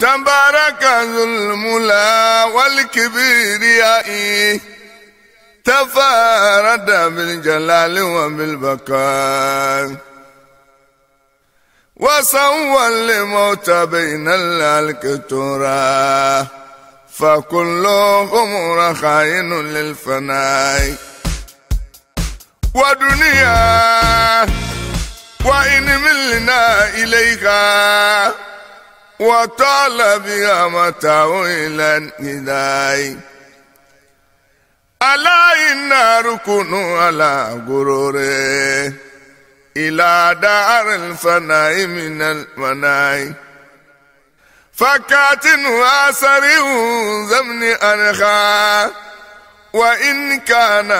تبارك ذو الملا والكبرياء إيه. تفارد بالجلال وبالبقاء وسوى الموت بين الهلك ترى فكلهم رخائن للفناء ودنيا وإن ملنا إليها وطال بها تاويلا إذاي ألا إن ركن على غرور إلى دار الفناء من المناي فكاتن واسر زمن أنخا وإن كان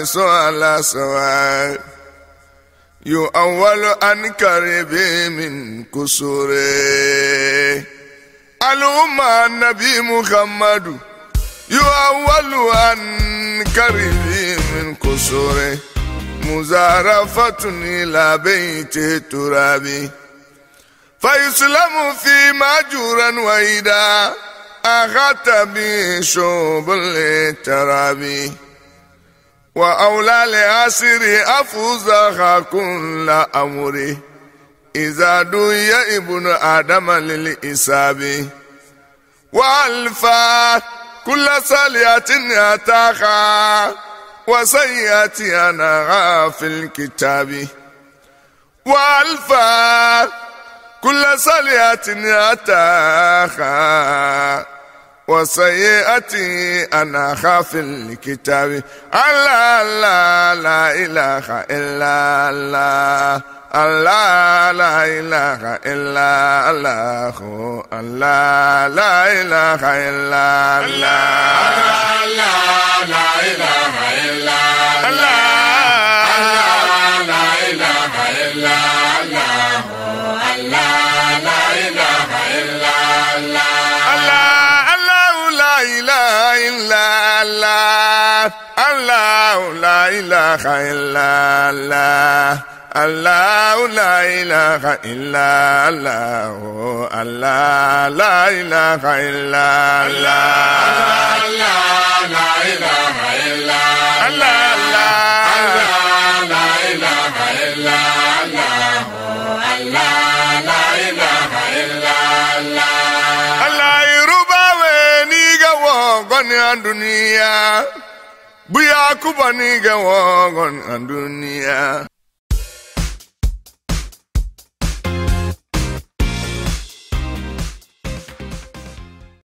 رسول الله يؤول عن قريب من كسوره علوم النبي محمد يؤول عن قريب من كسوره مزارفة إلى بيت ترابي فيسلم في ماجورا وإذا أخذت بشوب الترابي وأولى لعسر أفوزها كل أمري إذا دوي ابن آدم للإساب وألفا كل سالية أتاها وسيئة أنا في الكتاب وألفا كل سالية أتاها وسيئتي أنا خاف الكتاب الله لا لا إله إلا الله الله لا إله إلا الله الله لا إله إلا الله لا إله إلا الله الله لا إله إلا الله الله لا إله إلا الله الله لا إله إلا الله الله لا إله إلا الله الله لا إله إلا الله الله يربى وينيغا وغني الدنيا bóyá kubani ní andunia.